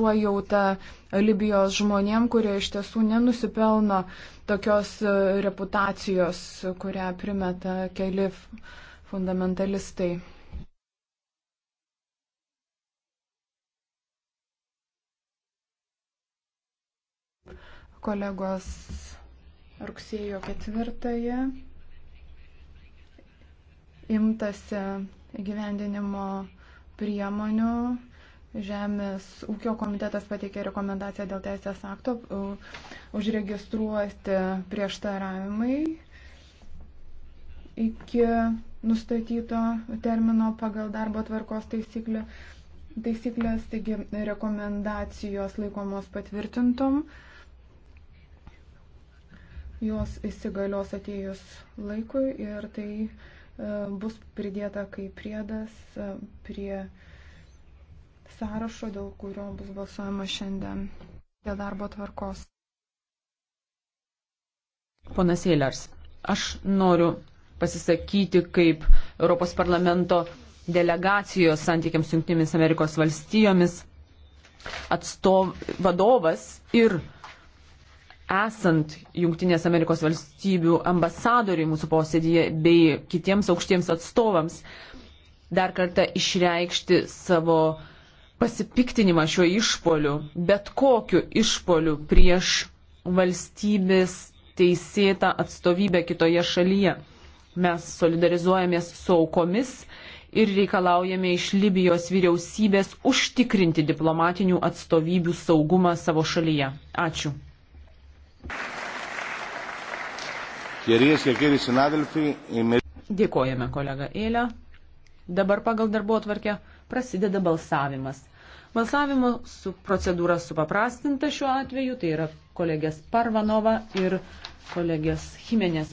užuojautą Libijos žmonėm, kurie iš tiesų nenusipelno tokios e, reputacijos, kurią primeta keli fundamentalistai. Kolegos rugsėjo ketvirtąją imtasi gyvendinimo priemonių Žemės ūkio komitetas pateikė rekomendaciją dėl teisės akto užregistruoti prieštaravimai iki nustatyto termino pagal darbo tvarkos taisyklę. Taisyklės, taigi rekomendacijos laikomos patvirtintom, jos įsigalios atėjus laikui ir tai e, bus pridėta kaip priedas e, prie sąrašo, dėl kurio bus balsuojama šiandien dėl darbo tvarkos. Ponas Eilers, aš noriu pasisakyti kaip Europos parlamento delegacijos santykiams Junktinėmis Amerikos valstijomis atstov, vadovas ir esant Junktinės Amerikos valstybių ambasadoriui mūsų posėdėje bei kitiems aukštiems atstovams dar kartą išreikšti savo uh, pasipiktinimą šiuo išpoliu, bet kokiu išpoliu prieš valstybės teisėtą atstovybę kitoje šalyje. Mes solidarizuojamės su aukomis ir reikalaujame iš Libijos vyriausybės užtikrinti diplomatinių atstovybių saugumą savo šalyje. Ačiū. Dėkojame kolega Eilė. Dabar pagal darbo atvarkę prasideda balsavimas. Balsavimo su procedūra supaprastinta šiuo atveju, tai yra kolegės Parvanova ir kolegės Jimenės.